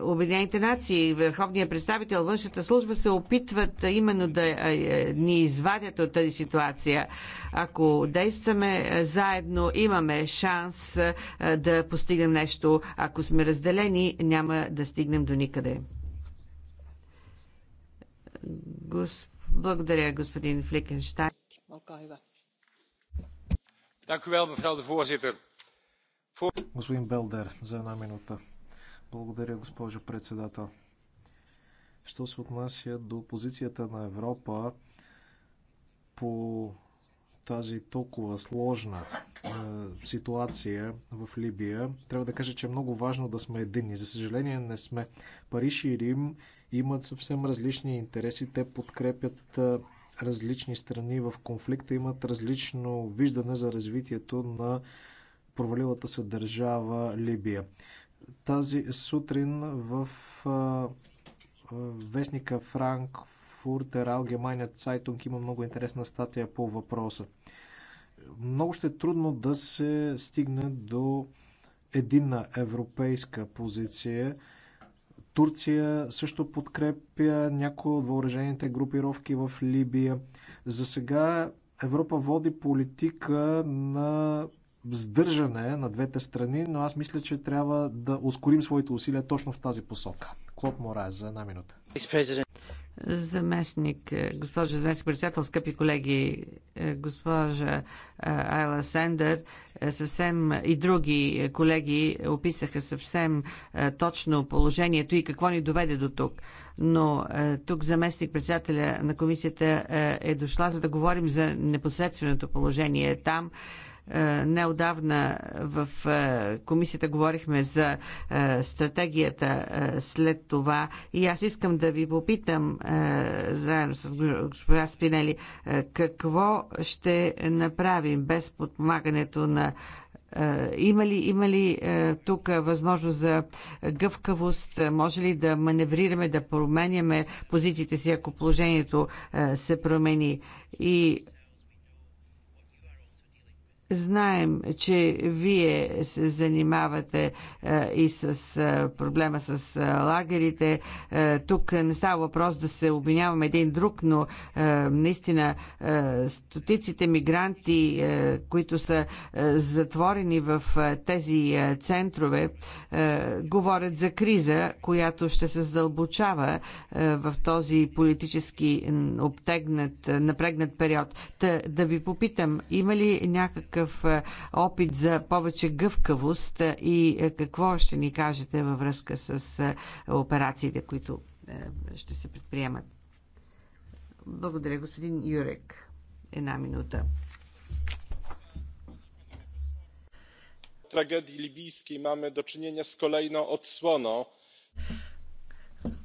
Обединените нации, и Върховният представител, външната служба се опитват именно да е, ни извадят от тази ситуация. Ако действаме заедно, имаме шанс да постигнем нещо. Ако сме разделени, няма да стигнем до никъде. Благодаря, господин Фликенштайн. Господин Белдер, за една минута. Благодаря, госпожо председател. Що се отнася до позицията на Европа по тази толкова сложна е, ситуация в Либия, трябва да кажа, че е много важно да сме едини. За съжаление не сме. Париж и Рим имат съвсем различни интереси. Те подкрепят е, различни страни в конфликта, имат различно виждане за развитието на провалилата се държава Либия. Тази сутрин в вестника Франкфуртер Allgemeine Цайтунг има много интересна статия по въпроса. Много ще е трудно да се стигне до единна европейска позиция. Турция също подкрепя някои от въоръжените групировки в Либия. За сега Европа води политика на сдържане на двете страни, но аз мисля, че трябва да ускорим своите усилия точно в тази посока. Клод Морайс за една минута. Заместник, е, госпожа заместник председател, скъпи колеги, е, госпожа е, Айла Сендер, съвсем и други колеги описаха съвсем точно положението и какво ни доведе до тук но е, тук заместник председателя на комисията е, е дошла, за да говорим за непосредственото положение там. Е, неодавна в комисията говорихме за стратегията след това и аз искам да ви попитам заедно с госпожа Спинели какво ще направим без подпомагането на е, има ли, има ли е, тук възможност за гъвкавост? Може ли да маневрираме, да променяме позициите си, ако положението е, се промени? И Знаем, че вие се занимавате е, и с е, проблема с е, лагерите. Тук не става въпрос да се обвиняваме един друг, но наистина стотиците мигранти, които са затворени в тези центрове, говорят за криза, която ще се задълбочава в този политически обтегнат, напрегнат период. Та, да ви попитам, има ли някакъв някакъв е, опит за повече гъвкавост е, и е, какво ще ни кажете във връзка с операциите, които ще се предприемат? Благодаря, господин Юрек. Една минута. Трагедии либийски имаме do с колейно kolejną odsłoną.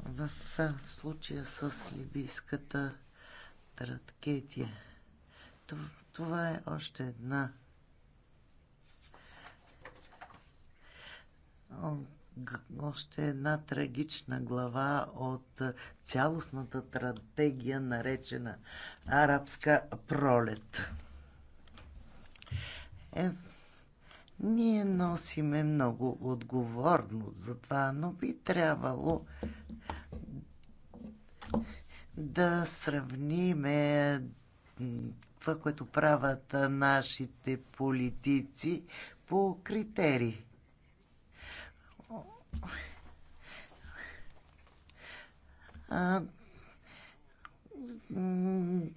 В случая с либийската трагедия. Това е още една още една трагична глава от е, цялостната стратегия, наречена Арабска пролет. Е, ние носиме много отговорност за това, но би трябвало да сравниме това, което правят нашите политици по критерии. А,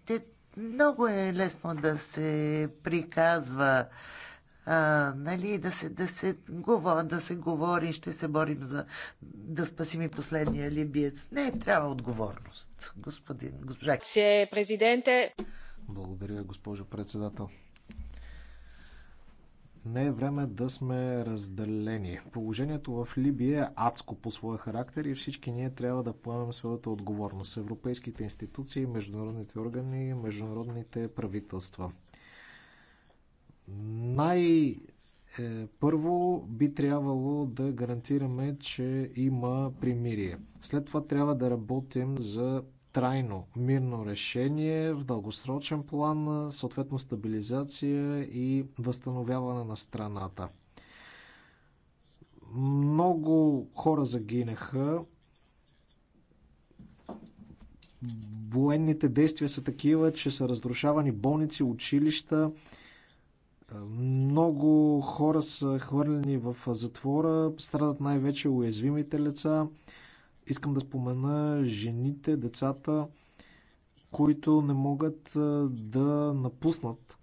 те, много е лесно да се приказва, а, нали, да се, да, се говор, да се говори, ще се борим за да спасим и последния либиец. Не, трябва отговорност, господин, госпожа. Благодаря, госпожо председател. Не е време да сме разделени. Положението в Либия е адско по своя характер и всички ние трябва да поемем своята отговорност. Европейските институции, международните органи, международните правителства. Най- е, първо би трябвало да гарантираме, че има примирие. След това трябва да работим за трайно мирно решение в дългосрочен план, съответно стабилизация и възстановяване на страната. Много хора загинаха. Военните действия са такива, че са разрушавани болници, училища. Много хора са хвърлени в затвора, страдат най-вече уязвимите лица. Искам да спомена жените, децата, които не могат да напуснат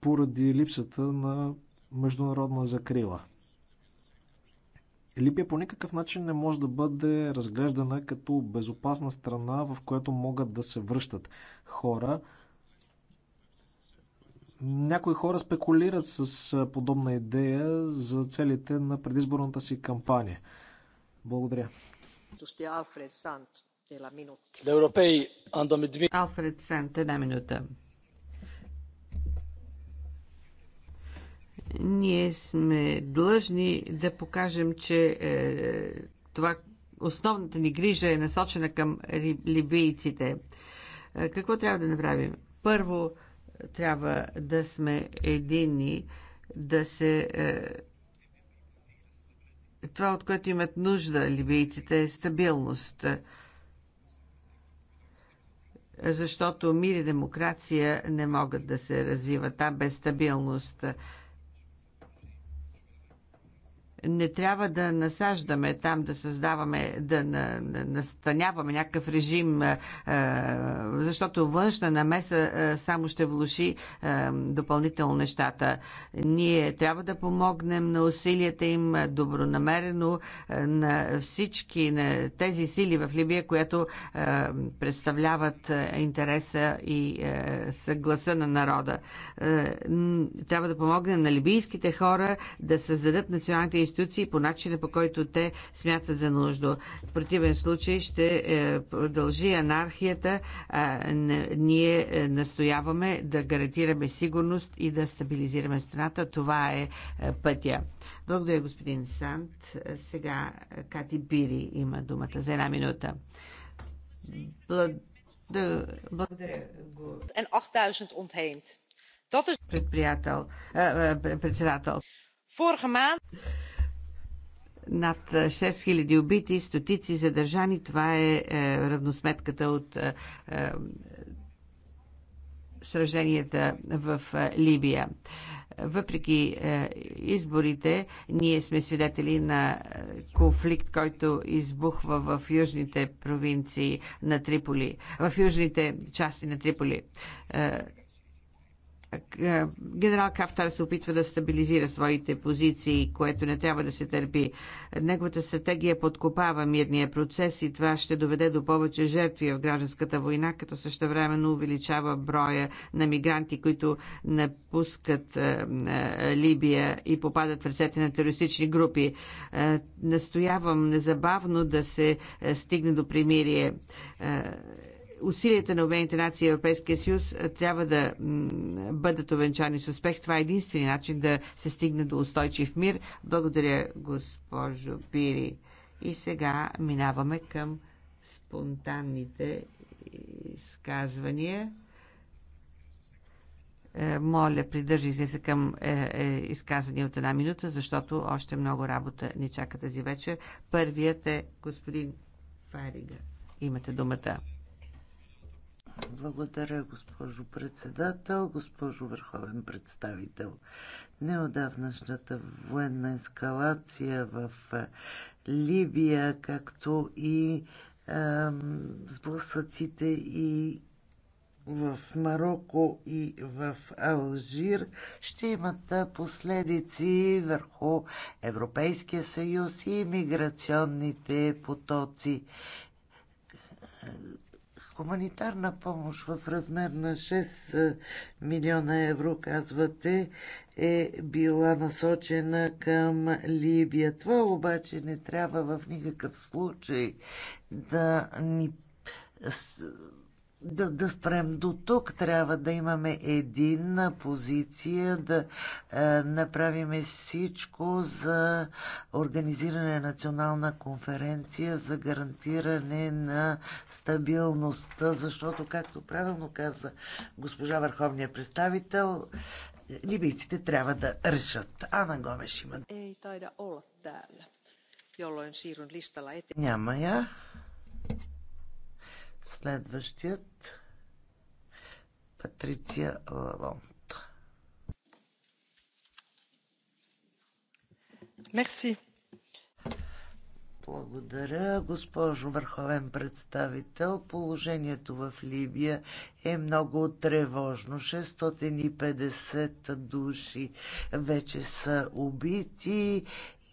поради липсата на международна закрила. Либия по никакъв начин не може да бъде разглеждана като безопасна страна, в която могат да се връщат хора. Някои хора спекулират с подобна идея за целите на предизборната си кампания. Благодаря. Алфред Сант, една минута. Ние сме длъжни да покажем, че е, това основната ни грижа е насочена към либийците. Е, какво трябва да направим? Първо, трябва да сме едини, да се е, това, от което имат нужда либийците, е стабилност. Защото мир и демокрация не могат да се развиват там без стабилност не трябва да насаждаме там, да създаваме, да настаняваме някакъв режим, е, е, защото външна намеса е, само ще влуши допълнително нещата. Ние трябва да помогнем на усилията им добронамерено на всички на тези сили в Либия, които представляват интереса и съгласа на народа. Трябва да помогнем на либийските хора да създадат националните институции институции по начина по който те смятат за нужда. В противен случай ще е, продължи анархията. Ние е, настояваме да гарантираме сигурност и да стабилизираме страната. Това е, е пътя. Благодаря, господин Сант. Сега Кати Бири има думата за една минута. Благодаря. Предприятел, председател. Vorige maand над 6000 убити, стотици задържани. Това е, е равносметката от е, е сраженията в е, Либия. Въпреки е, изборите, ние сме свидетели на конфликт, който избухва в южните провинции на Триполи, в южните части на Триполи. Е, генерал Кафтар се опитва да стабилизира своите позиции, което не трябва да се търпи. Неговата стратегия подкопава мирния процес и това ще доведе до повече жертви в гражданската война, като същевременно увеличава броя на мигранти, които напускат е, е, Либия и попадат в ръцете на терористични групи. Настоявам незабавно да се стигне до примирие усилията на Обединените нации и Европейския съюз трябва да бъдат овенчани с успех. Това е единствения начин да се стигне до устойчив мир. Благодаря, госпожо Пири. И сега минаваме към спонтанните изказвания. Е, моля, придържи се към е, е, изказвания от една минута, защото още много работа ни чака тази вечер. Първият е господин Фарига. Имате думата. Благодаря, госпожо председател, госпожо върховен представител. Неодавнашната военна ескалация в е, Либия, както и сблъсъците и в Марокко и в Алжир ще имат е, последици върху Европейския съюз и миграционните потоци Хуманитарна помощ в размер на 6 милиона евро, казвате, е била насочена към Либия. Това обаче не трябва в никакъв случай да ни да, да спрем до тук. Трябва да имаме единна позиция, да е, направим всичко за организиране на национална конференция за гарантиране на стабилността, защото, както правилно каза госпожа Върховния представител, либийците трябва да решат. Ана Гомеш има. Няма я. Следващият Патриция Лалонт. Мерси. Благодаря, госпожо Върховен представител. Положението в Либия е много тревожно. 650 души вече са убити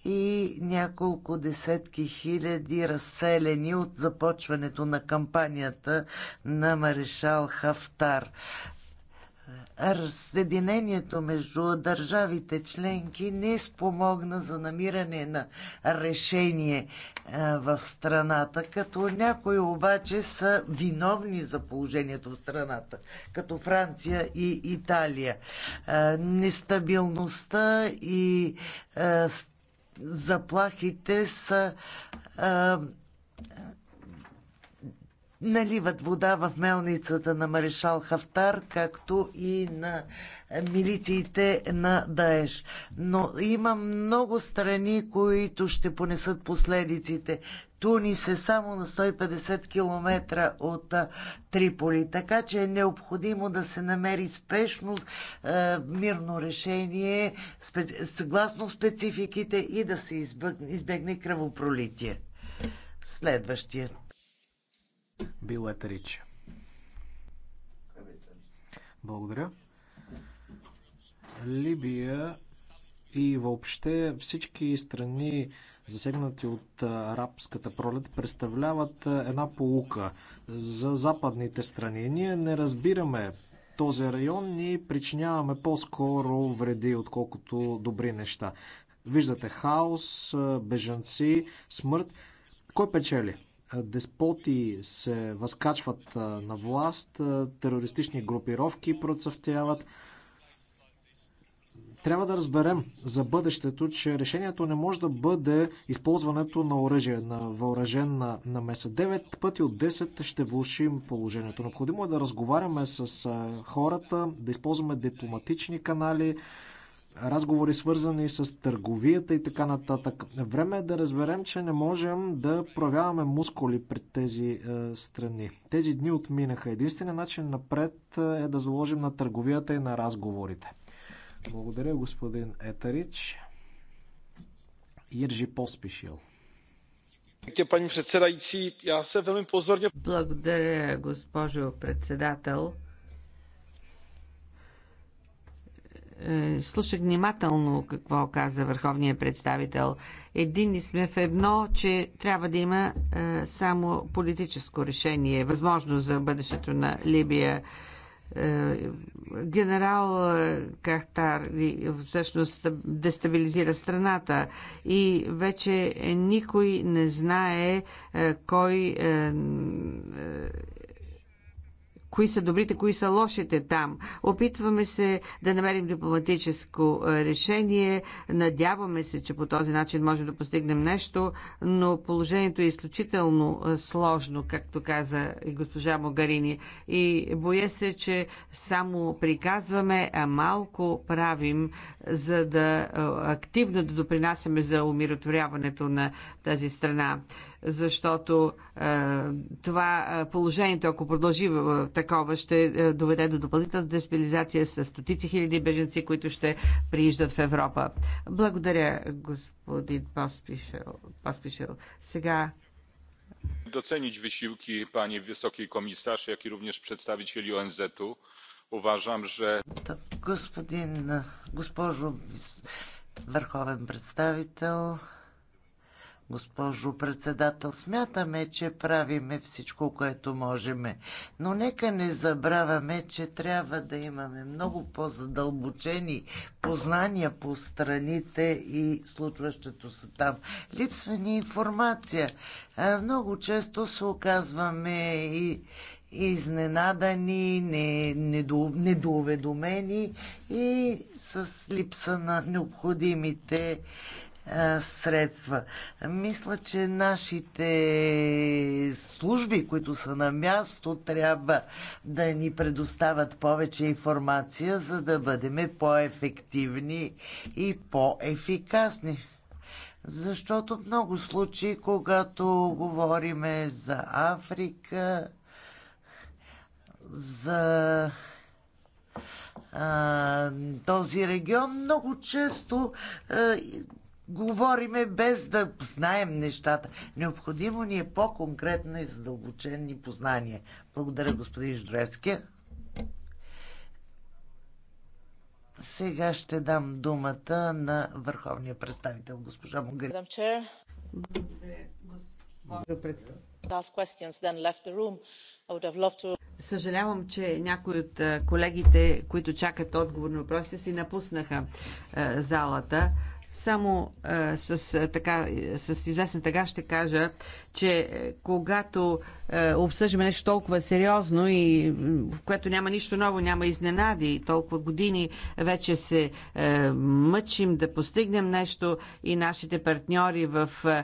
и няколко десетки хиляди разселени от започването на кампанията на марешал Хафтар. Разсъединението между държавите членки не спомогна за намиране на решение е, в страната, като някои обаче са виновни за положението в страната, като Франция и Италия. Е, нестабилността и е, заплахите са а, наливат вода в мелницата на Маришал Хафтар, както и на милициите на Даеш. Но има много страни, които ще понесат последиците. Тунис е само на 150 км от Триполи, така че е необходимо да се намери спешно е, мирно решение съгласно спецификите и да се избегне, избегне кръвопролитие. Следващия. Билет Рич. Благодаря. Либия и въобще всички страни засегнати от арабската пролет, представляват една полука за западните страни. Ние не разбираме този район и причиняваме по-скоро вреди, отколкото добри неща. Виждате хаос, бежанци, смърт. Кой печели? деспоти се възкачват на власт, терористични групировки процъфтяват. Трябва да разберем за бъдещето, че решението не може да бъде използването на оръжие, на на меса. 9 пъти от 10 ще влушим положението. Необходимо е да разговаряме с хората, да използваме дипломатични канали, разговори свързани с търговията и така нататък. Време е да разберем, че не можем да проявяваме мускули пред тези е, страни. Тези дни отминаха. Единственият начин напред е да заложим на търговията и на разговорите. Благодаря, господин Етарич. Jiří Поспешил. Paní předsedající, já se Благодаря, госпожо председател. Е, слушах внимателно какво каза върховният представител. Едини сме в едно, че трябва да има е, само политическо решение, възможно за бъдещето на Либия е, генерал е, Кахтар всъщност дестабилизира страната и вече никой не знае е, кой кои са добрите, кои са лошите там. Опитваме се да намерим дипломатическо решение. Надяваме се, че по този начин можем да постигнем нещо, но положението е изключително сложно, както каза и госпожа Могарини. И боя се, че само приказваме, а малко правим, за да активно да допринасяме за умиротворяването на тази страна защото е, това е, положението, ако продължи в такова, ще е, доведе до допълнителна дестабилизация с стотици хиляди беженци, които ще прииждат в Европа. Благодаря, господин Поспишел. Поспишел. Сега Доценить висилки, пани wysokiej komisarz jak и również przedstawicieli onz u. uważam że господин госпожо върховен представител Госпожо председател, смятаме, че правиме всичко, което можеме. Но нека не забравяме, че трябва да имаме много по-задълбочени познания по страните и случващото се там. Липсва ни информация. Много често се оказваме и изненадани, недоуведомени и с липса на необходимите средства. Мисля, че нашите служби, които са на място, трябва да ни предоставят повече информация, за да бъдем по-ефективни и по-ефикасни. Защото в много случаи, когато говориме за Африка, за а, този регион, много често а, говориме без да знаем нещата. Необходимо ни е по-конкретно и задълбочени познания. Благодаря, господин Ждроевски. Сега ще дам думата на върховния представител, госпожа Могари. Съжалявам, че някои от колегите, които чакат отговор на въпросите си, напуснаха залата. Само а, е, с, а, е, така, е, с известна тъга ще кажа, че е, когато е, обсъждаме нещо толкова сериозно и в което няма нищо ново, няма изненади, толкова години вече се е, мъчим да постигнем нещо и нашите партньори в е, е,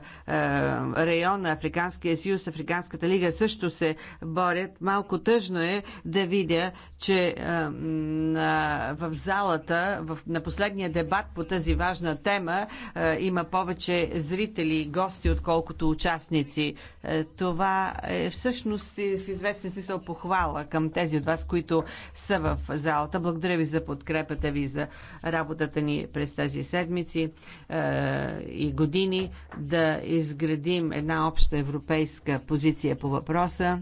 района Африканския съюз, Африканската лига също се борят. Малко тъжно е да видя, че е, на, в залата, в, на последния дебат по тази важна тема е, има повече зрители и гости, отколкото участници си. Е, това е всъщност в известен смисъл похвала към тези от вас, които са в залата. Благодаря ви за подкрепата ви за работата ни през тези седмици е, и години да изградим една обща европейска позиция по въпроса.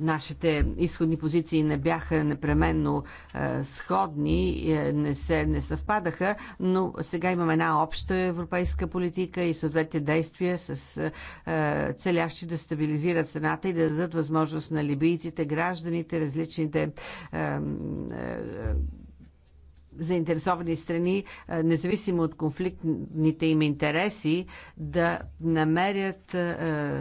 Нашите изходни позиции не бяха непременно е, сходни, е, не, се, не съвпадаха, но сега имаме една обща европейска политика и съответните действия с е, целящи да стабилизират страната и да дадат възможност на либийците, гражданите, различните е, е, заинтересовани страни, независимо от конфликтните им интереси, да намерят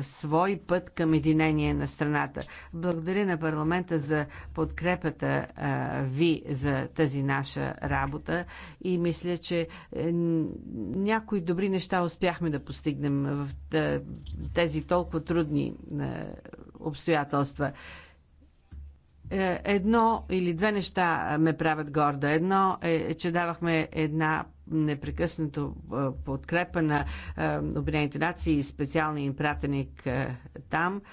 свой път към единение на страната. Благодаря на парламента за подкрепата ви за тази наша работа и мисля, че е, някои добри неща успяхме да постигнем в тези толкова трудни обстоятелства. Е, едно или две неща ме правят горда. Едно е, че давахме една непрекъснато е, подкрепа на е, Обединените нации и специалния им пратеник там –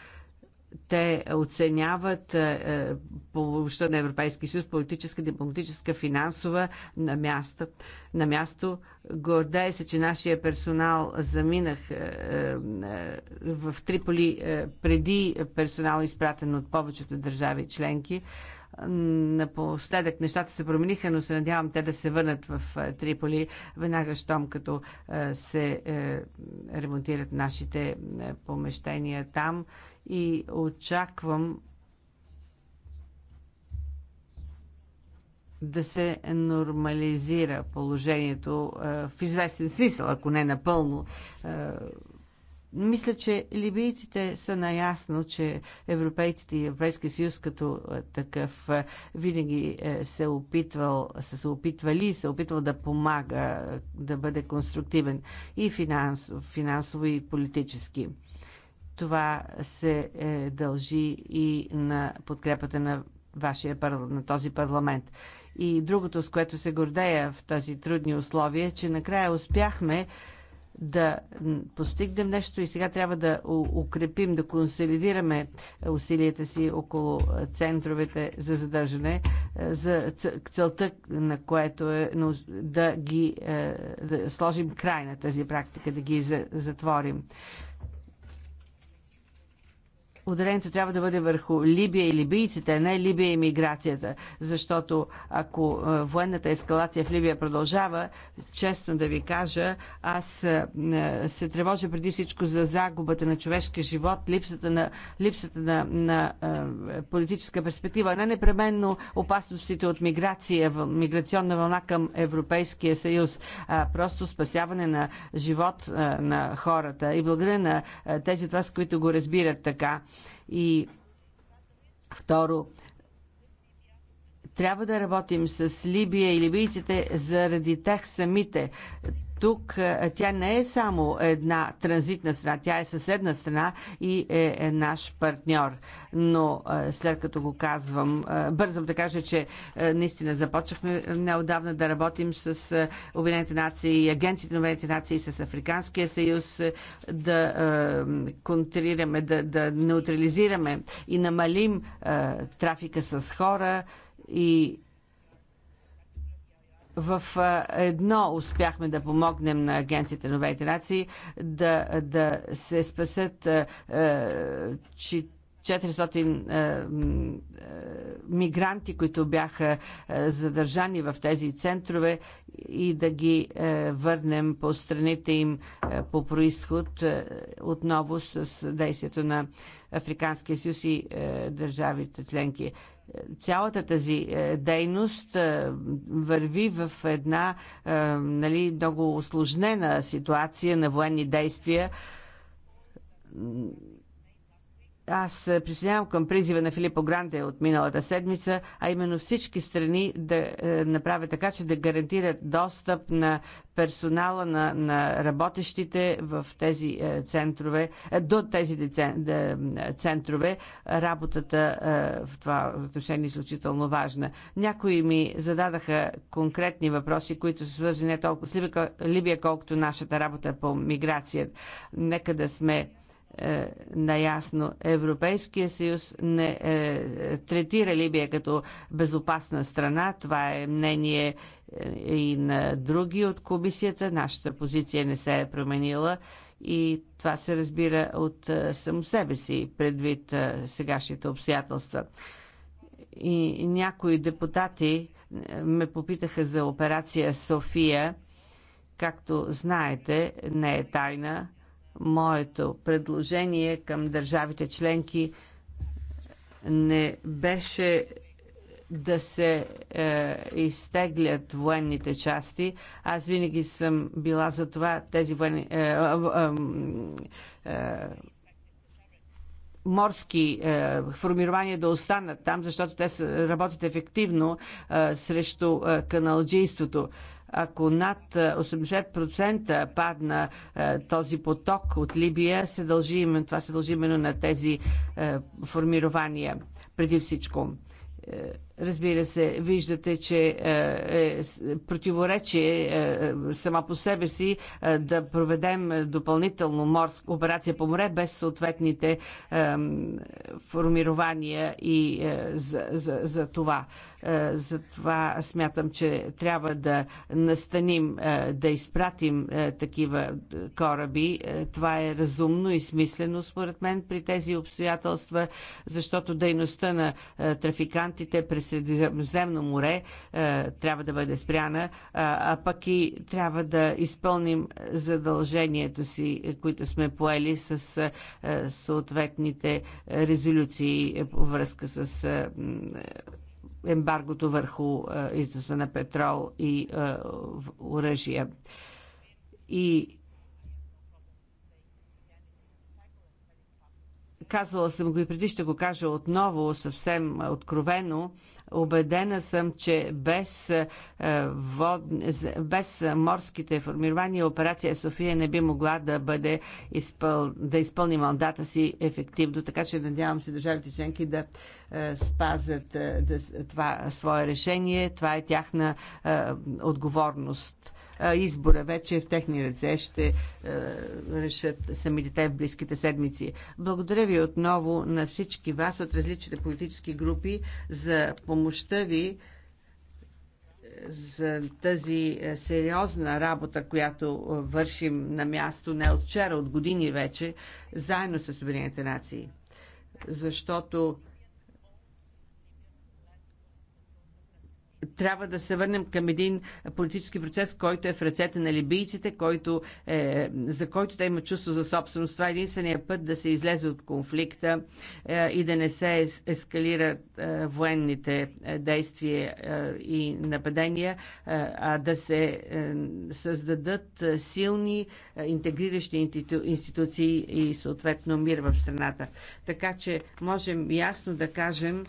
те оценяват е, е, помощта на Европейския съюз, политическа, дипломатическа, финансова на място. На място. Гордея се, че нашия персонал заминах е, в Триполи преди персонал, изпратен от повечето държави членки. Напоследък нещата се промениха, но се надявам те да се върнат в Триполи веднага щом като се ремонтират нашите помещения там и очаквам да се нормализира положението е, в известен смисъл, ако не напълно. Е, мисля, че либийците са наясно, че европейците и Европейския съюз като е, такъв винаги се опитвал, са се опитвали и се опитвал да помага, да бъде конструктивен и финансово, финансово и политически. Това се е, дължи и на подкрепата на вашия на този парламент. И другото, с което се гордея в тези трудни условия, е, че накрая успяхме да постигнем нещо и сега трябва да укрепим, да консолидираме усилията си около центровете за задържане, е, за целта на което е да ги е, да сложим край на тази практика, да ги затворим ударението трябва да бъде върху Либия и либийците, а не Либия и миграцията. Защото ако военната ескалация в Либия продължава, честно да ви кажа, аз се тревожа преди всичко за загубата на човешки живот, липсата на, липсата на, на политическа перспектива, а не непременно опасностите от миграция, миграционна вълна към Европейския съюз, а просто спасяване на живот на хората. И благодаря на тези от вас, които го разбират така и второ, трябва да работим с Либия и либийците заради тях самите тук е, тя не е само една транзитна страна, тя е съседна страна и е, е наш партньор. Но е, след като го казвам, бързам да кажа, че наистина започнахме неодавна да работим с Обединените нации и агенциите на Обединените нации, с Африканския съюз, да контрираме, да, да неутрализираме и намалим трафика с хора и в едно успяхме да помогнем на Агенцията на новите нации да, да се спасят е, 400 мигранти, които бяха задържани в тези центрове и да ги върнем по страните им по происход отново с действието на Африканския съюз и държавите членки цялата тази е, дейност е, върви в една е, нали, много осложнена ситуация на военни действия аз е, присъединявам към призива на Филипо Гранде от миналата седмица, а именно всички страни да е, направят така, че да гарантират достъп на персонала на, на работещите в тези е, центрове, до тези центрове. Работата в това отношение е изключително важна. Някои ми зададаха конкретни въпроси, които са свързани не толкова с Либия, колкото нашата работа по миграция. Нека да сме е, наясно. Европейския съюз не е, третира Либия като безопасна страна. Това е мнение е, и на други от комисията. Нашата позиция не се е променила и това се разбира от е, само себе си предвид е, сегашните обстоятелства. И някои депутати ме попитаха за операция София. Както знаете, не е тайна моето предложение към държавите членки не беше да се е, изтеглят военните части. Аз винаги съм била за това тези военни. Е, е, е, морски е, формирования да останат там, защото те работят ефективно е, срещу е, каналджийството. Е, ако над 80% падна този поток от Либия, се дължи именно, това се дължи именно на тези формирования преди всичко Разбира се, виждате, че е, е противоречие е, е, сама по себе си да проведем допълнително морска операция по море без съответните формирования и за, за, за това. Затова смятам, че трябва да настаним, да изпратим такива кораби. Това е разумно и смислено, според мен, при тези обстоятелства, защото дейността на трафикантите през Средиземно море е, трябва да бъде спряна, е, а пък и трябва да изпълним задължението си, които сме поели с е, съответните резолюции по връзка с ембаргото върху износа на петрол и оръжия. И Казвала съм го и преди, ще го кажа отново съвсем откровено. Обедена съм, че без, е, вод... без морските формирования операция София не би могла да бъде изпъл... да изпълни мандата си ефективно. Така че надявам се държавите членки да е, спазят е, това свое решение. Това е тяхна отговорност избора вече е в техни ръце, ще решат самите те в близките седмици. Благодаря ви отново на всички вас от различните политически групи за помощта ви за тази сериозна работа, която вършим на място не от вчера, от години вече, заедно с Обединените нации. Защото трябва да се върнем към един политически процес, който е в ръцете на либийците, който е, за който те имат чувство за собственост. Това е единствения път да се излезе от конфликта е, и да не се ескалират е, военните е, действия е, и нападения, е, а да се е, създадат е, силни е, интегриращи институции и съответно мир в страната. Така че можем ясно да кажем,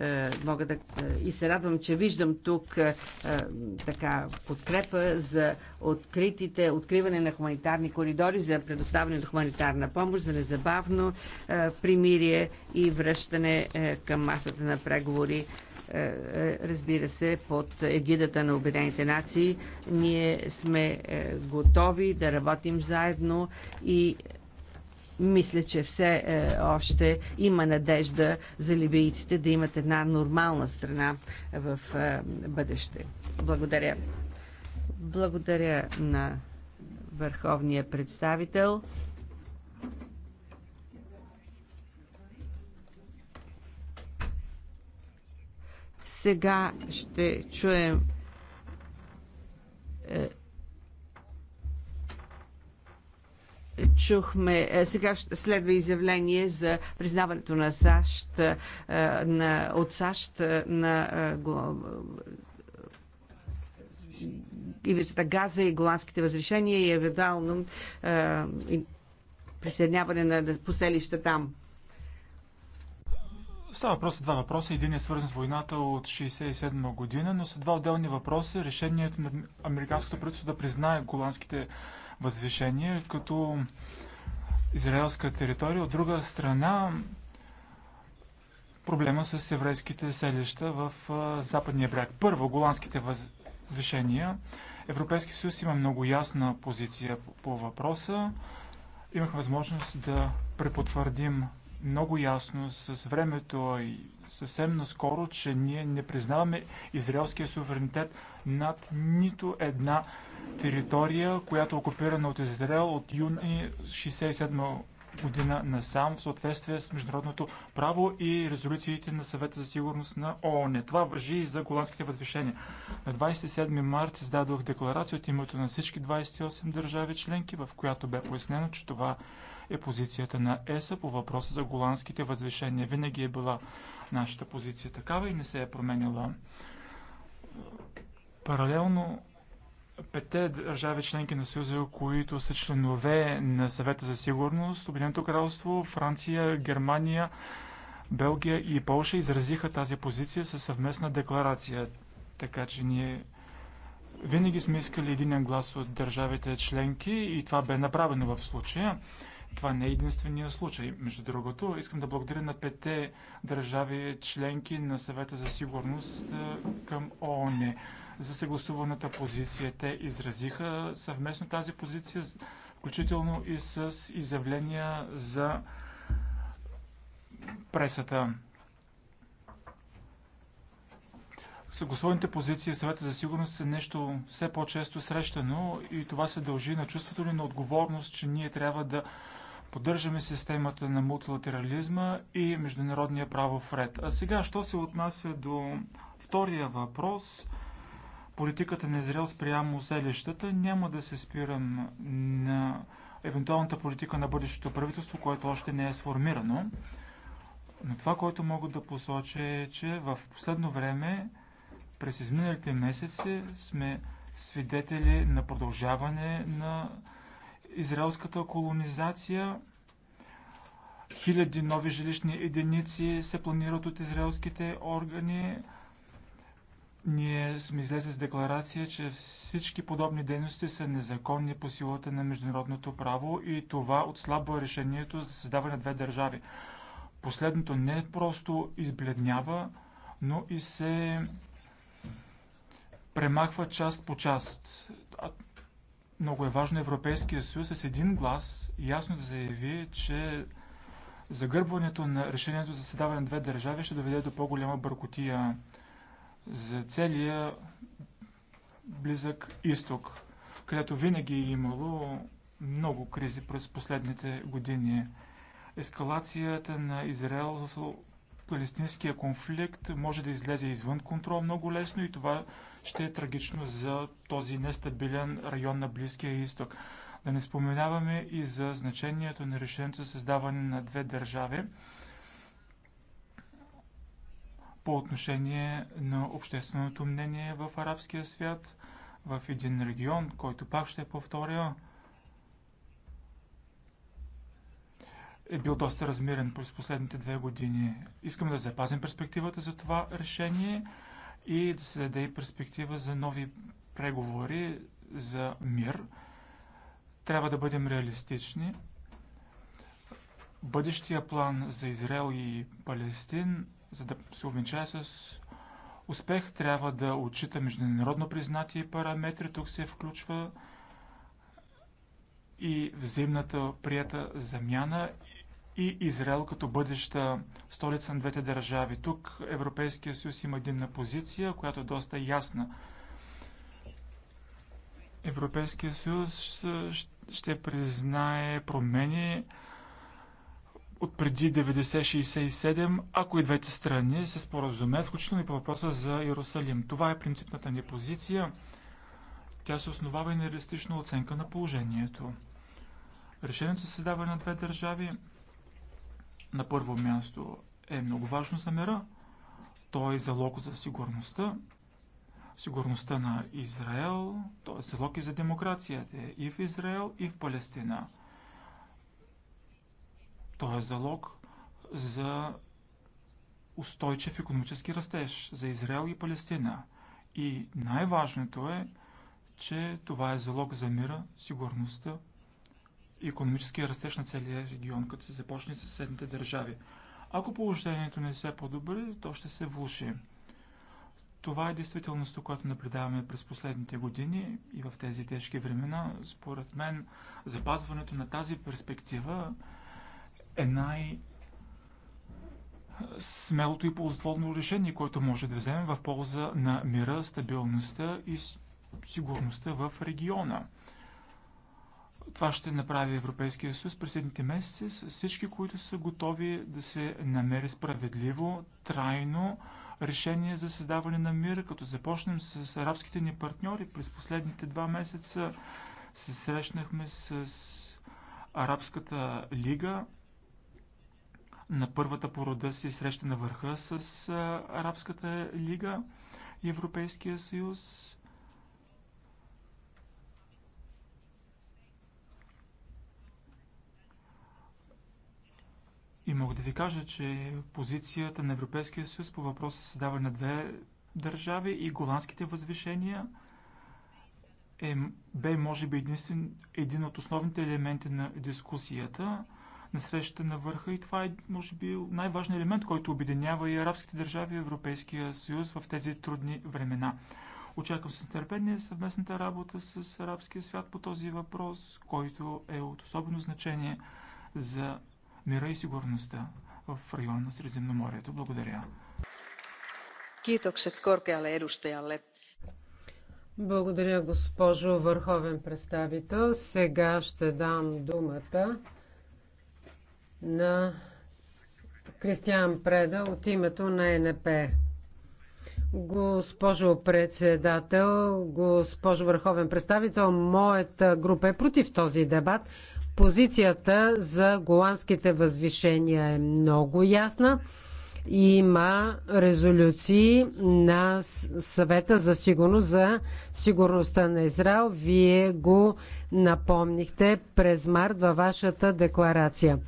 Е, мога да е, и се радвам, че виждам тук е, така подкрепа за откритите, откриване на хуманитарни коридори, за предоставяне на хуманитарна помощ, за незабавно примирие и връщане към масата на преговори разбира се, под егидата на Обединените нации. Ние сме готови да работим заедно и мисля, че все е, още има надежда за либийците да имат една нормална страна в е, бъдеще. Благодаря. Благодаря на върховния представител. Сега ще чуем е, чухме, е, сега следва изявление за признаването на САЩ, е, на, от САЩ е, на ивицата Газа и голландските възрешения и евентуално присъединяване на поселища там. Става просто два въпроса. Един е свързан с войната от 1967 година, но са два отделни въпроса. Решението на американското правителство да признае голландските възвишение като израелска територия. От друга страна, проблема с еврейските селища в Западния бряг. Първо, голандските възвишения. Европейски съюз има много ясна позиция по въпроса. Имах възможност да препотвърдим много ясно с времето и съвсем наскоро, че ние не признаваме израелския суверенитет над нито една територия, която е окупирана от Израел от юни 1967 година насам в съответствие с международното право и резолюциите на съвета за сигурност на ООН. Това въжи и за голандските възвишения. На 27 март издадох декларация от името на всички 28 държави членки, в която бе пояснено, че това е позицията на ЕСА по въпроса за голандските възвишения. Винаги е била нашата позиция такава и не се е променила. Паралелно пете държави членки на Съюза, които са членове на съвета за сигурност, Обединеното кралство, Франция, Германия, Белгия и Полша изразиха тази позиция със съвместна декларация. Така че ние винаги сме искали един глас от държавите членки и това бе направено в случая. Това не е единствения случай. Между другото, искам да благодаря на пете държави членки на съвета за сигурност към ООН за съгласуваната позиция. Те изразиха съвместно тази позиция, включително и с изявления за пресата. Съгласуваните позиции в съвета за сигурност е нещо все по-често срещано и това се дължи на чувството ни на отговорност, че ние трябва да Поддържаме системата на мултилатерализма и международния правов ред. А сега, що се отнася до втория въпрос, политиката на Израел спрямо селищата, няма да се спирам на евентуалната политика на бъдещето правителство, което още не е сформирано. Но това, което мога да посоча е, че в последно време, през изминалите месеци, сме свидетели на продължаване на израелската колонизация. Хиляди нови жилищни единици се планират от израелските органи. Ние сме излезли с декларация, че всички подобни дейности са незаконни по силата на международното право и това отслабва решението за създаване на две държави. Последното не просто избледнява, но и се премахва част по част. Много е важно Европейския съюз е с един глас ясно да заяви, че загърбването на решението за създаване на две държави ще доведе до по-голяма бъркотия за целия близък изток, където винаги е имало много кризи през последните години. Ескалацията на Израел палестинския конфликт може да излезе извън контрол много лесно и това ще е трагично за този нестабилен район на Близкия изток. Да не споменаваме и за значението на решението за създаване на две държави по отношение на общественото мнение в арабския свят, в един регион, който пак ще повторя, е бил доста размирен през последните две години. Искам да запазим перспективата за това решение – и да се даде и перспектива за нови преговори за мир. Трябва да бъдем реалистични. Бъдещия план за Израел и Палестин, за да се увенчае с успех, трябва да отчита международно признати параметри. Тук се включва и взаимната прията замяна и Израел като бъдеща столица на двете държави. Тук Европейския съюз има единна позиция, която е доста ясна. Европейския съюз ще признае промени от преди 1967, ако и двете страни се споразумеят, включително и по въпроса за Иерусалим. Това е принципната ни позиция. Тя се основава и на реалистична оценка на положението. Решението за създаване на две държави на първо място е много важно за мира. Той е залог за сигурността, сигурността на Израел, той е залог и за демокрацията и в Израел, и в Палестина. Той е залог за устойчив економически растеж за Израел и Палестина. И най-важното е, че това е залог за мира, сигурността економическия растеж на целия регион, като се започне с съседните държави. Ако положението не е се подобри, то ще се влуши. Това е действителността, която наблюдаваме през последните години и в тези тежки времена. Според мен, запазването на тази перспектива е най- смелото и ползотворно решение, което може да вземем в полза на мира, стабилността и сигурността в региона. Това ще направи Европейския съюз през следните месеци с всички, които са готови да се намери справедливо, трайно решение за създаване на мир, като започнем с арабските ни партньори. През последните два месеца се срещнахме с Арабската лига на първата порода си среща на върха с Арабската лига и Европейския съюз. И мога да ви кажа, че позицията на Европейския съюз по въпроса се дава на две държави и голандските възвишения е, бе, може би, единствен, един от основните елементи на дискусията на срещата на върха и това е, може би, най-важният елемент, който обединява и арабските държави и Европейския съюз в тези трудни времена. Очаквам с нетърпение съвместната работа с арабския свят по този въпрос, който е от особено значение за мира и сигурността в района на Средиземноморието. Благодаря. Благодаря, госпожо Върховен представител. Сега ще дам думата на Кристиан Преда от името на НП. Госпожо председател, госпожо върховен представител, моята група е против този дебат. Позицията за голандските възвишения е много ясна. Има резолюции на съвета за сигурност за сигурността на Израел. Вие го напомнихте през март във вашата декларация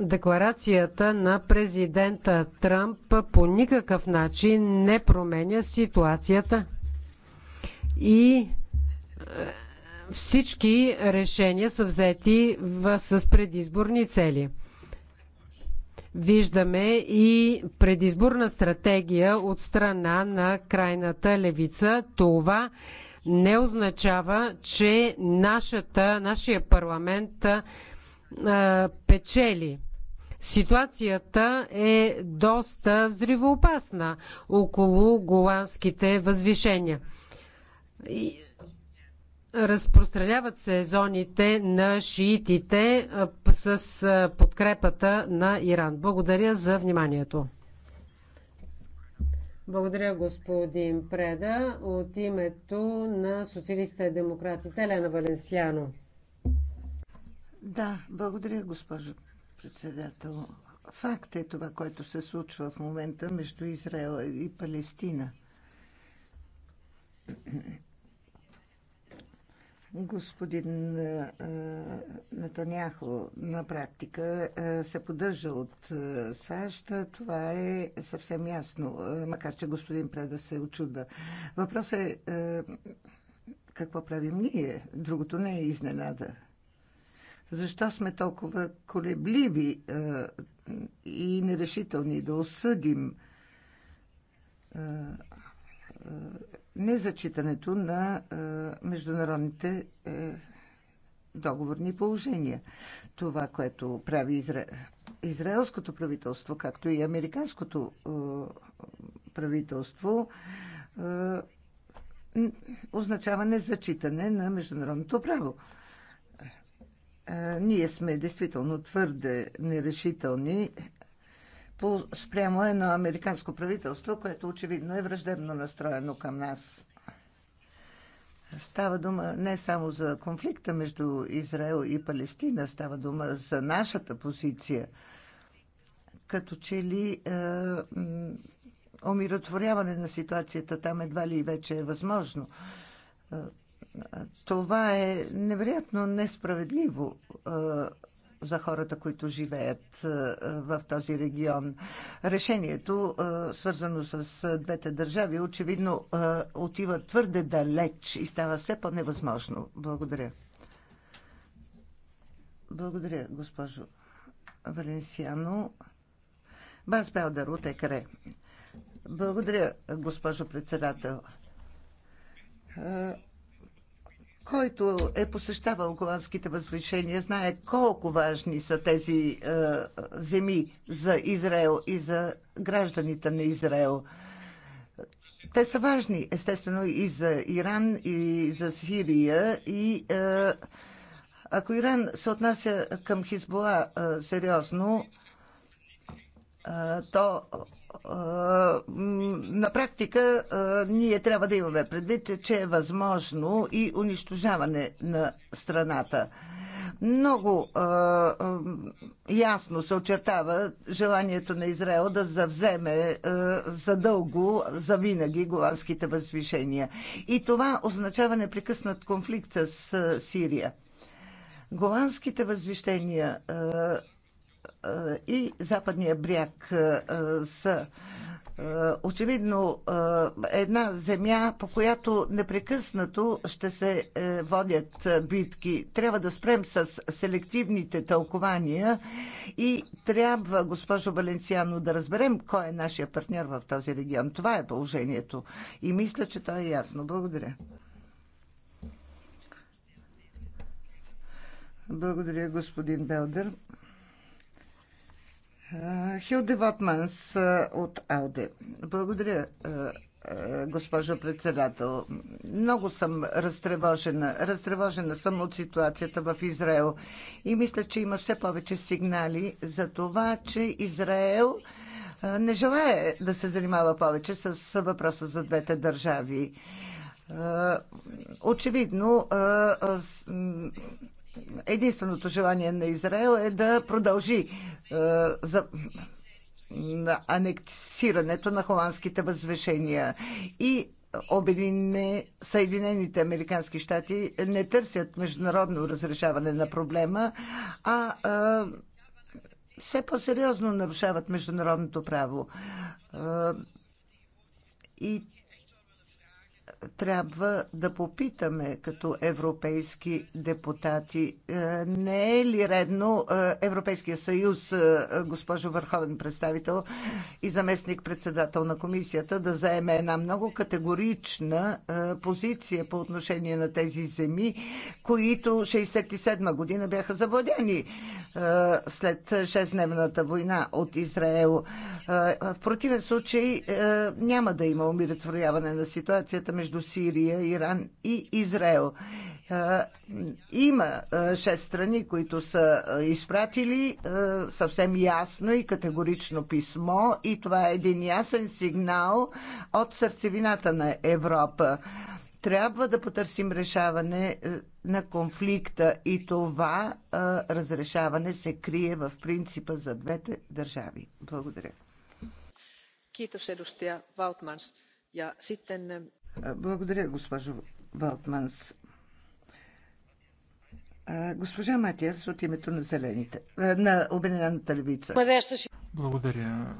декларацията на президента Тръмп по никакъв начин не променя ситуацията и всички решения са взети в, с предизборни цели. Виждаме и предизборна стратегия от страна на крайната левица. Това не означава, че нашата, нашия парламент а, печели. Ситуацията е доста взривоопасна около голандските възвишения. Разпространяват се зоните на шиитите с подкрепата на Иран. Благодаря за вниманието. Благодаря, господин Преда. От името на социалистите и демократите Елена Валенсиано. Да, благодаря, госпожо председател. Факт е това, което се случва в момента между Израел и Палестина Господин Натаняхо на практика се поддържа от САЩ. Това е съвсем ясно, макар че господин Преда се очудва. Въпросът е какво правим ние. Другото не е изненада. Защо сме толкова колебливи и нерешителни да осъдим незачитането на е, международните е, договорни положения. Това, което прави Изра... израелското правителство, както и американското е, правителство, означава незачитане на международното право. Ние сме действително твърде нерешителни по, спрямо едно американско правителство, което очевидно е враждебно настроено към нас. Става дума не само за конфликта между Израел и Палестина, става дума за нашата позиция. Като че ли е, омиротворяване на ситуацията там едва ли вече е възможно. Е, това е невероятно несправедливо. Е, за хората, които живеят е, в този регион. Решението, е, свързано с е, двете държави, очевидно отива твърде далеч и става все по-невъзможно. Благодаря. Благодаря, госпожо Валенсиано. Бас Белдер от ЕКРЕ. Благодаря, госпожо председател който е посещавал голландските възвишения, знае колко важни са тези е, земи за Израел и за гражданите на Израел. Те са важни, естествено, и за Иран, и за Сирия. И е, ако Иран се отнася към Хизбола е, сериозно, е, то на практика ние трябва да имаме предвид, че е възможно и унищожаване на страната. Много ясно се очертава желанието на Израел да завземе задълго, завинаги голандските възвишения. И това означава непрекъснат конфликт с Сирия. Голандските възвещения и западния бряг са очевидно една земя, по която непрекъснато ще се е, водят битки. Трябва да спрем с селективните тълкования и трябва, госпожо Валенциано, да разберем кой е нашия партньор в този регион. Това е положението. И мисля, че то е ясно. Благодаря. Благодаря, господин Белдър. Хилде Вотманс от Алде. Благодаря, госпожо председател. Много съм разтревожена. Разтревожена съм от ситуацията в Израел. И мисля, че има все повече сигнали за това, че Израел не желая да се занимава повече с въпроса за двете държави. Очевидно, единственото желание на Израел е да продължи е, за на анексирането на холандските възвешения. И обедине, Съединените Американски щати не търсят международно разрешаване на проблема, а, а все по-сериозно нарушават международното право. А, е, и трябва да попитаме като европейски депутати, е, не е ли редно е, Европейския съюз, е, госпожо Върховен представител и заместник председател на комисията, да заеме една много категорична позиция по отношение на тези земи, които 67 година бяха завладени след 6-дневната война от Израел. В противен случай няма да има умиротворяване на ситуацията между между Сирия, Иран и Израел. Има шест страни, които са изпратили съвсем ясно и категорично писмо и това е един ясен сигнал от сърцевината на Европа трябва да потърсим решаване на конфликта и това разрешаване се крие в принципа за двете държави. Благодаря. Благодаря, госпожо Валтманс. Госпожа Матиас от името на Зелените, на Обединената левица. Благодаря.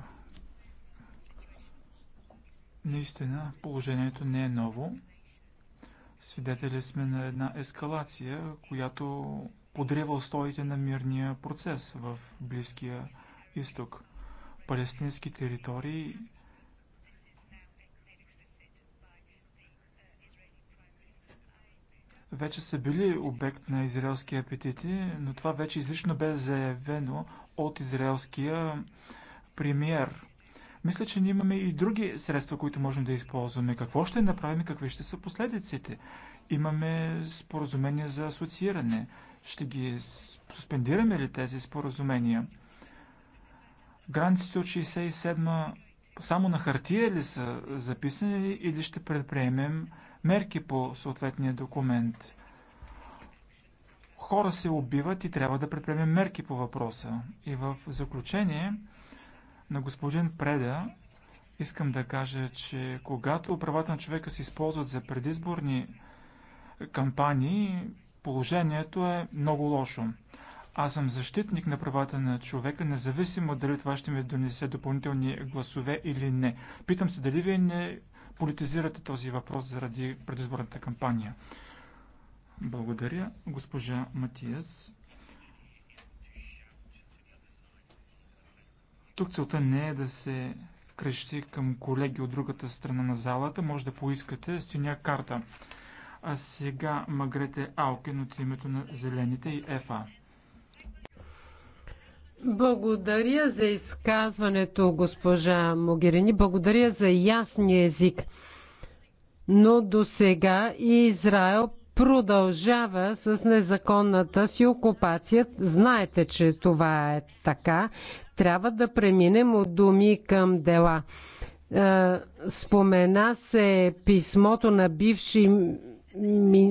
Наистина, положението не е ново. Свидетели сме на една ескалация, която подрива устоите на мирния процес в Близкия изток. Палестински територии вече са били обект на израелски апетити, но това вече излично бе заявено от израелския премиер. Мисля, че ние имаме и други средства, които можем да използваме. Какво ще направим и какви ще са последиците? Имаме споразумения за асоцииране. Ще ги суспендираме ли тези споразумения? Границите от 67 само на хартия ли са записани или ще предприемем мерки по съответния документ. Хора се убиват и трябва да предприемем мерки по въпроса. И в заключение на господин Преда искам да кажа, че когато правата на човека се използват за предизборни кампании, положението е много лошо. Аз съм защитник на правата на човека, независимо дали това ще ми донесе допълнителни гласове или не. Питам се дали вие не политизирате този въпрос заради предизборната кампания. Благодаря, госпожа Матиас. Тук целта не е да се крещи към колеги от другата страна на залата. Може да поискате синя карта. А сега Магрете Алкен от името на Зелените и ЕФА. Благодаря за изказването, госпожа Могерини. Благодаря за ясния език. Но до сега и Израел продължава с незаконната си окупация. Знаете, че това е така. Трябва да преминем от думи към дела. Е, спомена се писмото на бивши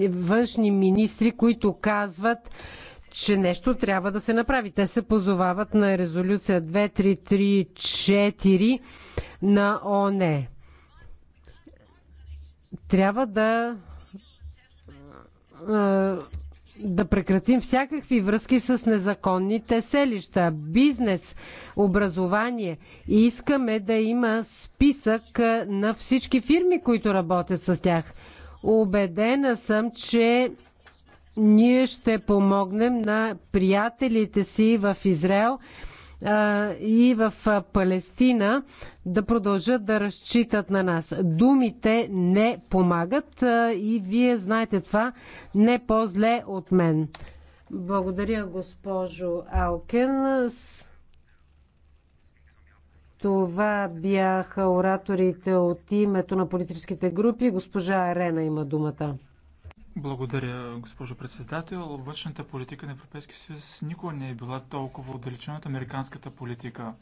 външни министри, които казват, че нещо трябва да се направи. Те се позовават на резолюция 2334 на ОНЕ. Трябва да да прекратим всякакви връзки с незаконните селища, бизнес, образование. И искаме да има списък на всички фирми, които работят с тях. Обедена съм, че ние ще помогнем на приятелите си в Израел и в Палестина да продължат да разчитат на нас. Думите не помагат и вие знаете това не по-зле от мен. Благодаря, госпожо Алкен. Това бяха ораторите от името на политическите групи. Госпожа Арена има думата. Благодаря, госпожо председател. Външната политика на Европейския съюз никога не е била толкова отдалечена от американската политика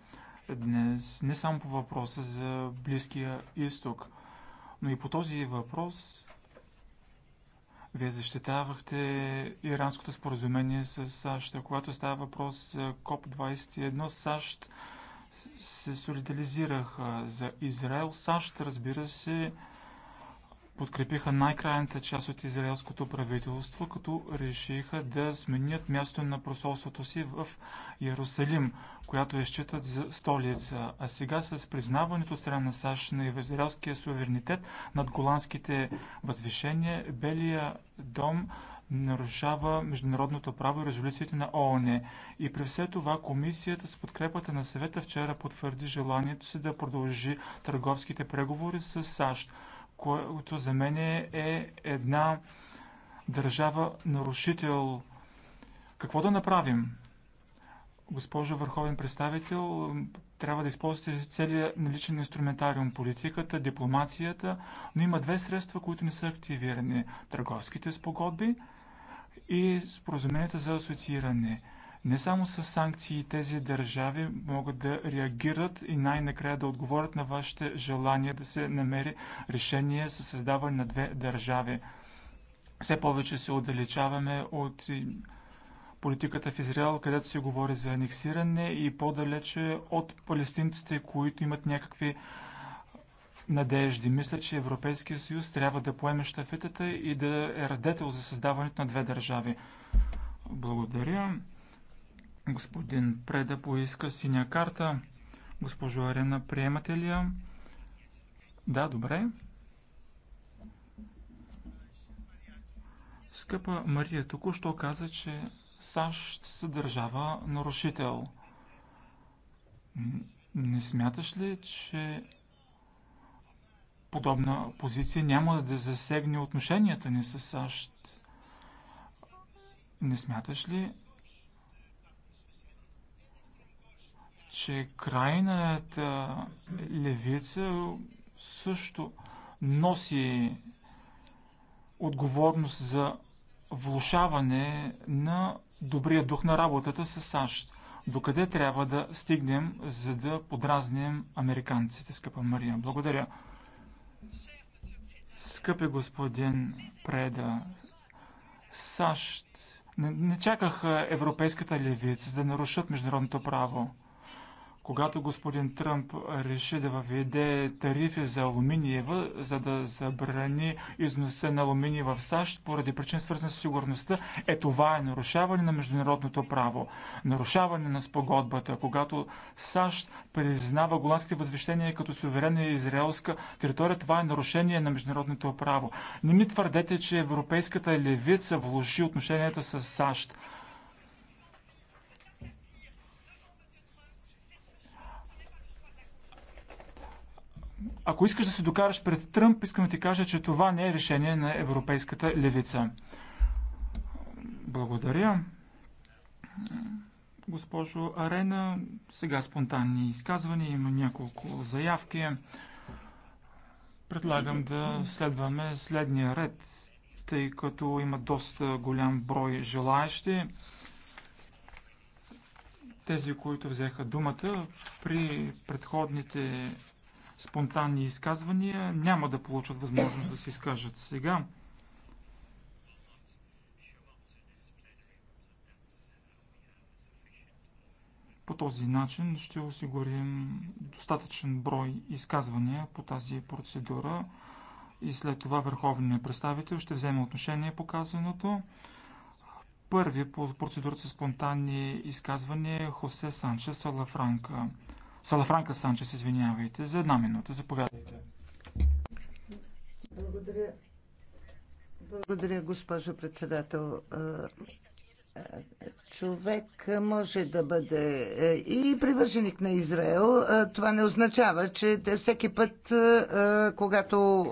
днес, не само по въпроса за Близкия изток, но и по този въпрос вие защитавахте иранското споразумение с САЩ. А когато става въпрос за КОП-21, САЩ се солидаризираха за Израел. САЩ, разбира се, подкрепиха най-крайната част от израелското правителство, като решиха да сменят мястото на посолството си в Иерусалим, която е считат за столица. А сега с признаването от страна на САЩ на израелския суверенитет над голандските възвишения, Белия дом нарушава международното право и резолюциите на ООН. И при все това комисията с подкрепата на съвета вчера потвърди желанието си да продължи търговските преговори с САЩ което за мен е една държава нарушител. Какво да направим? Госпожо Върховен представител, трябва да използвате целият наличен инструментариум, политиката, дипломацията, но има две средства, които не са активирани. Търговските спогодби и споразуменията за асоцииране – не само с санкции тези държави могат да реагират и най-накрая да отговорят на вашите желания да се намери решение със създаване на две държави. Все повече се отдалечаваме от политиката в Израел, където се говори за анексиране и по-далече от палестинците, които имат някакви надежди. Мисля, че Европейския съюз трябва да поеме щафетата и да е радетел за създаването на две държави. Благодаря. Господин Преда поиска синя карта. Госпожо Арена, приемате ли я? Да, добре. Скъпа Мария, току-що каза, че САЩ съдържава държава нарушител. Не смяташ ли, че подобна позиция няма да засегне отношенията ни с САЩ? Не смяташ ли, че крайната левица също носи отговорност за влушаване на добрия дух на работата с САЩ. Докъде трябва да стигнем, за да подразним американците, скъпа Мария? Благодаря. Скъпи господин Преда, САЩ не, не чакаха европейската левица, за да нарушат международното право. Когато господин Тръмп реши да въведе тарифи за алуминиева, за да забрани износа на алуминий в САЩ поради причини свързани с сигурността, е това е нарушаване на международното право, нарушаване на спогодбата, когато САЩ признава голандските възвещения като суверенна израелска територия, това е нарушение на международното право. Не ми твърдете, че европейската левица влуши отношенията с САЩ. Ако искаш да се докараш пред Тръмп, искам да ти кажа, че това не е решение на европейската левица. Благодаря. Госпожо Арена, сега спонтанни изказвания, има няколко заявки. Предлагам да следваме следния ред, тъй като има доста голям брой желаящи. Тези, които взеха думата при предходните спонтанни изказвания няма да получат възможност да се изкажат сега. По този начин ще осигурим достатъчен брой изказвания по тази процедура и след това върховният представител ще вземе отношение по казаното. Първи по процедурата спонтанни изказвания е Хосе Санчес Алафранка. Салафранка Санчес, извинявайте, за една минута. Заповядайте. Благодаря. Благодаря, госпожо председател. Човек може да бъде е, и привърженик на Израел. Това не означава, че всеки път, когато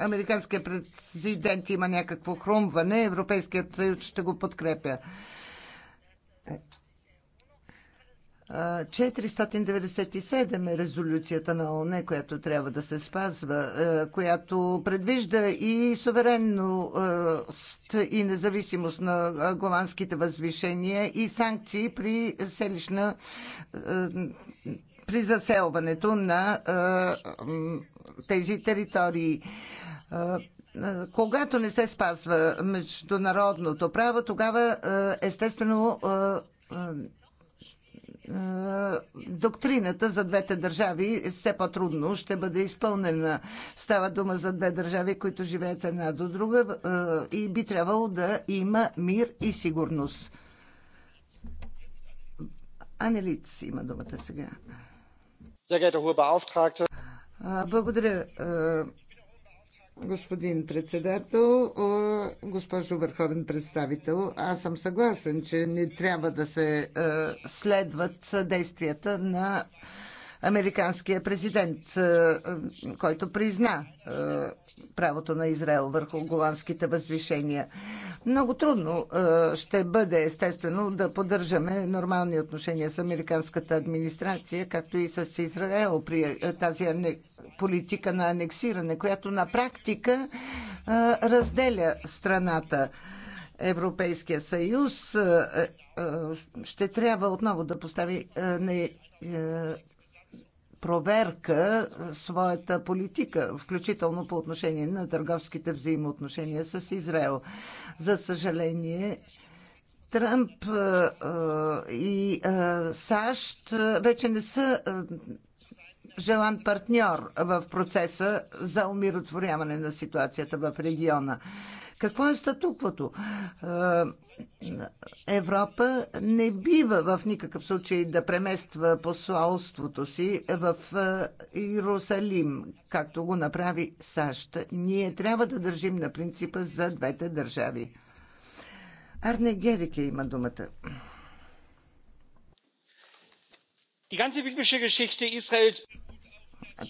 американският президент има някакво хрумване, Европейският съюз ще го подкрепя. 497 е резолюцията на ОНЕ, която трябва да се спазва, е, която предвижда и суверенност е, и независимост на е, голландските възвишения и санкции при селищна при заселването на тези територии. Когато не се спазва международното право, тогава естествено е, доктрината за двете държави все по-трудно ще бъде изпълнена. Става дума за две държави, които живеят една до друга е, и би трябвало да има мир и сигурност. Анелиц има думата сега. Е, благодаря, господин председател, госпожо върховен представител. Аз съм съгласен, че не трябва да се следват действията на американския президент, е, е, който призна е, правото на Израел върху голандските възвишения. Много трудно ще бъде, естествено, да поддържаме нормални отношения с американската администрация, както и с Израел при тази политика на анексиране, която на практика разделя страната. Европейския съюз ще трябва отново да постави на проверка своята политика, включително по отношение на търговските взаимоотношения с Израел. За съжаление, Тръмп и САЩ вече не са желан партньор в процеса за умиротворяване на ситуацията в региона. Какво е статуквото? Е, Европа не бива в никакъв случай да премества посолството си в е, Иерусалим, както го направи САЩ. Ние трябва да държим на принципа за двете държави. Арне Герике има думата.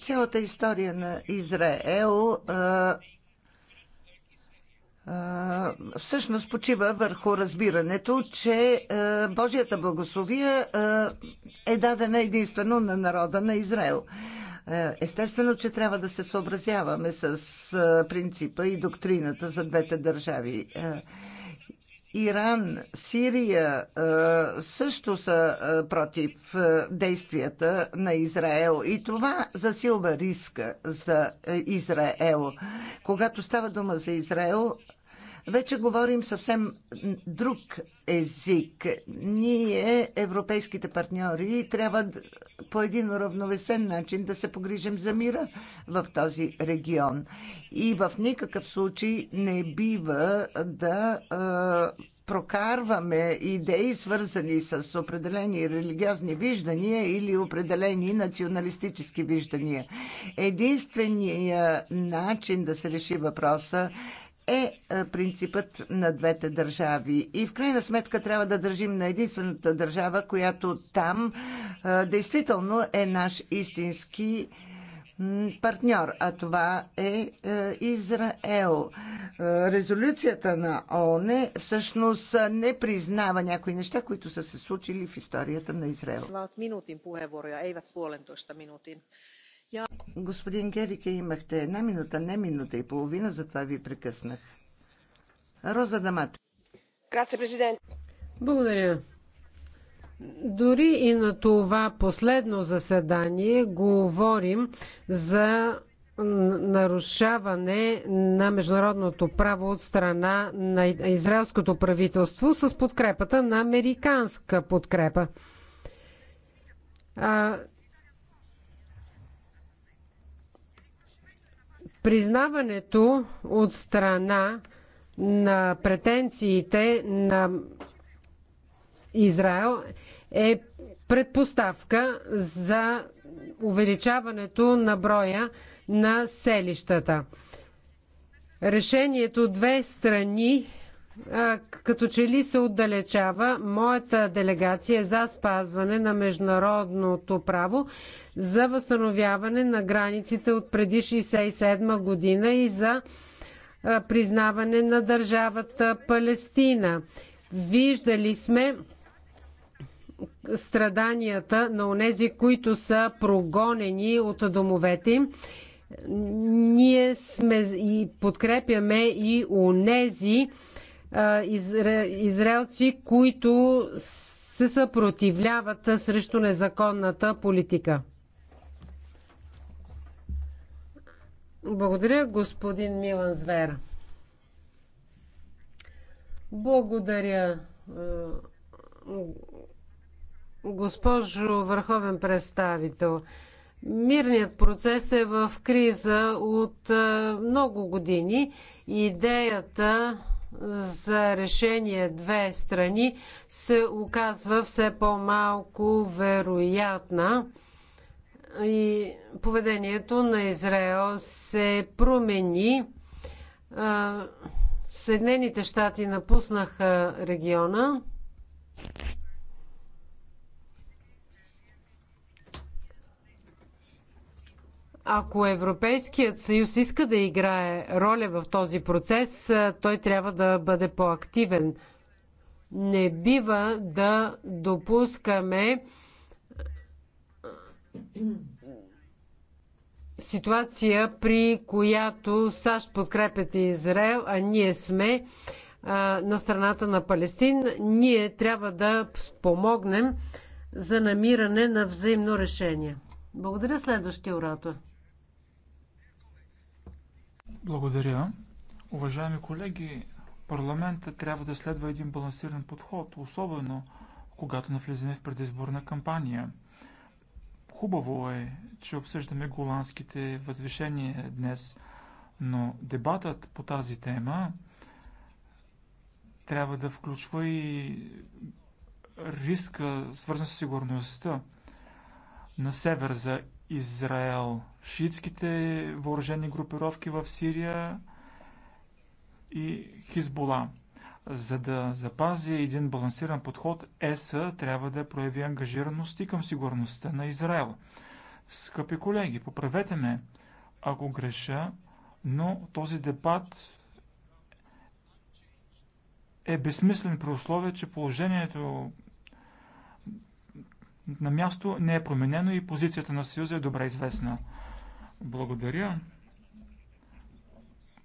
Цялата история на Израел е, всъщност почива върху разбирането, че Божията благословия е дадена единствено на народа на Израел. Естествено, че трябва да се съобразяваме с принципа и доктрината за двете държави. Иран, Сирия също са против действията на Израел и това засилва риска за Израел. Когато става дума за Израел, вече говорим съвсем друг език. Ние, европейските партньори, трябва по един уравновесен начин да се погрижим за мира в този регион. И в никакъв случай не бива да прокарваме идеи, свързани с определени религиозни виждания или определени националистически виждания. Единственият начин да се реши въпроса е, е принципът на двете държави. И в крайна сметка трябва да държим на единствената държава, която там е, действително е наш истински партньор, а това е, е Израел. Резолюцията на ООН всъщност не признава някои неща, които са се случили в историята на Израел. Господин Герике, имахте една минута, не минута и половина, затова ви прекъснах. Роза Дамат. Грация, президент. Благодаря. Дори и на това последно заседание говорим за нарушаване на международното право от страна на израелското правителство с подкрепата на американска подкрепа. А, Признаването от страна на претенциите на Израел е предпоставка за увеличаването на броя на селищата. Решението две страни като че ли се отдалечава. Моята делегация е за спазване на международното право, за възстановяване на границите от преди 1967 година и за признаване на държавата Палестина. Виждали сме страданията на онези, които са прогонени от домовете им. Ние сме и подкрепяме и онези, изра... израелци, които се съпротивляват срещу незаконната политика. Благодаря, господин Милан Звера. Благодаря, госпожо върховен представител. Мирният процес е в криза от много години. Идеята за решение две страни се оказва все по-малко вероятна и поведението на Израел се промени. Съединените щати напуснаха региона. Ако Европейският съюз иска да играе роля в този процес, той трябва да бъде по-активен. Не бива да допускаме ситуация, при която САЩ подкрепят Израел, а ние сме на страната на Палестин. Ние трябва да помогнем за намиране на взаимно решение. Благодаря следващия оратор. Благодаря. Уважаеми колеги, парламента трябва да следва един балансиран подход, особено когато навлизаме в предизборна кампания. Хубаво е, че обсъждаме голандските възвишения днес, но дебатът по тази тема трябва да включва и риска, свързан с сигурността на север за Израел, шиитските въоръжени групировки в Сирия и Хизбола. За да запази един балансиран подход, ЕС трябва да прояви ангажираност и към сигурността на Израел. Скъпи колеги, поправете ме, ако греша, но този дебат е безсмислен при условие, че положението на място не е променено и позицията на Съюза е добре известна. Благодаря.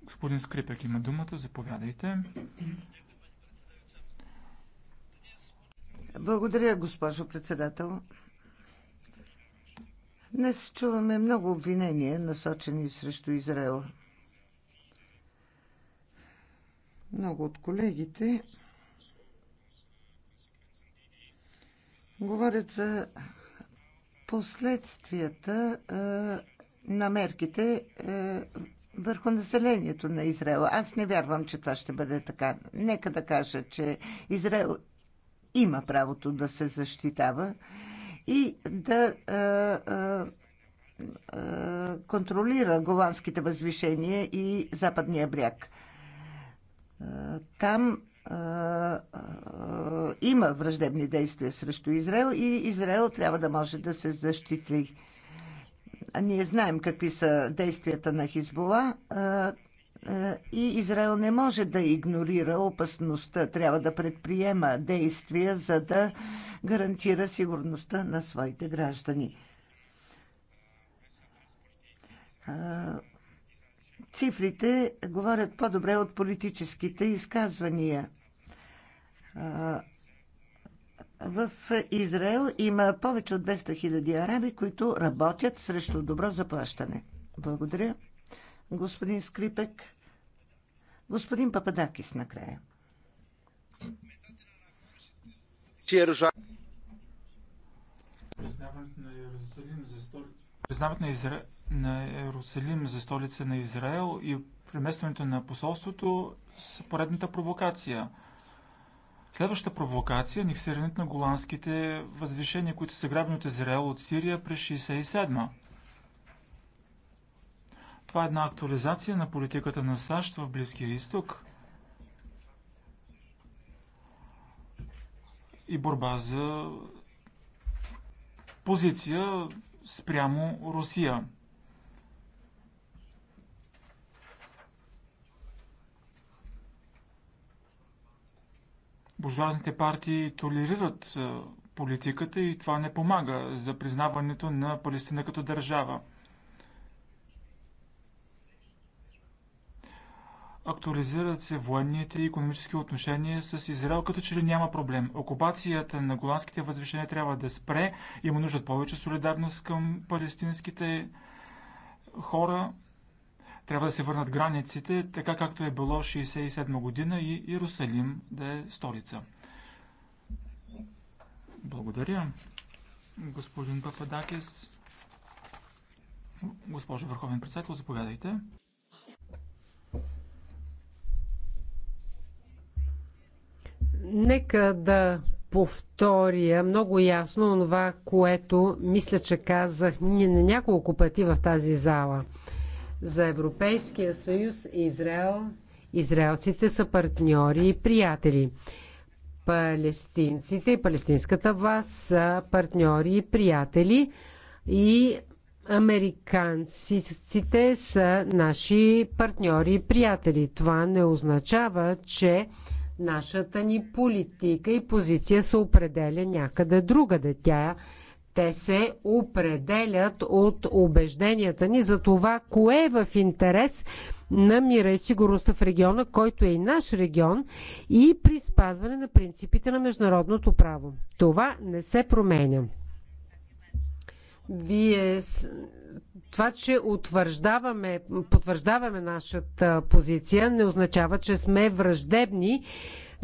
Господин Скрипек има думата. Заповядайте. Благодаря, госпожо председател. Днес чуваме много обвинения, насочени срещу Израел. Много от колегите говорят за последствията на мерките върху населението на Израел. Аз не вярвам, че това ще бъде така. Нека да кажа, че Израел има правото да се защитава и да контролира голандските възвишения и западния бряг. Там има враждебни действия срещу Израел и Израел трябва да може да се защити. Ние знаем какви са действията на Хизбола и Израел не може да игнорира опасността. Трябва да предприема действия, за да гарантира сигурността на своите граждани Цифрите говорят по-добре от политическите изказвания. В Израел има повече от 200 хиляди араби, които работят срещу добро заплащане. Благодаря. Господин Скрипек. Господин Пападакис накрая. Признаването на Иерусалим за Признаването на Израел на Иерусалим за столица на Израел и преместването на посолството с поредната провокация. Следващата провокация е анексирането на голандските възвишения, които са грабени от Израел от Сирия през 1967 Това е една актуализация на политиката на САЩ в Близкия изток и борба за позиция спрямо Русия. буржуазните партии толерират е, политиката и това не помага за признаването на Палестина като държава. Актуализират се военните и економически отношения с Израел, като че ли няма проблем. Окупацията на голландските възвишения трябва да спре. Има нужда повече солидарност към палестинските хора. Трябва да се върнат границите, така както е било 1967 година и Иерусалим да е столица. Благодаря, господин Пападакис. Госпожо Върховен председател, заповядайте. Нека да повторя много ясно това, което мисля, че казах на няколко пъти в тази зала – за Европейския съюз и Израел израелците са партньори и приятели. Палестинците и палестинската власт са партньори и приятели и американците са наши партньори и приятели. Това не означава, че нашата ни политика и позиция се определя някъде другаде. Тя те се определят от убежденията ни за това, кое е в интерес на мира и сигурността в региона, който е и наш регион, и при спазване на принципите на международното право. Това не се променя. Вие това, че утвърждаваме, потвърждаваме нашата позиция, не означава, че сме враждебни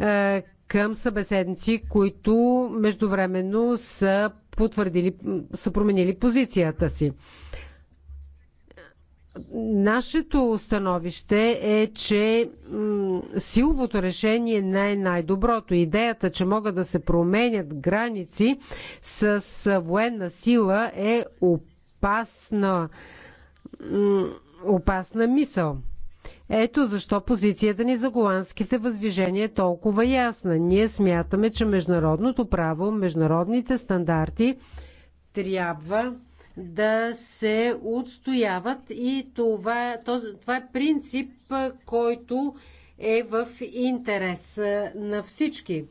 е, към събеседници, които междувременно са потвърдили, са променили позицията си. Нашето становище е, че силовото решение не е най-доброто. Идеята, че могат да се променят граници с военна сила е опасна, опасна мисъл. Ето защо позицията ни за голандските възвижения е толкова ясна. Ние смятаме, че международното право, международните стандарти трябва да се отстояват и това, това е принцип, който е в интерес на всички.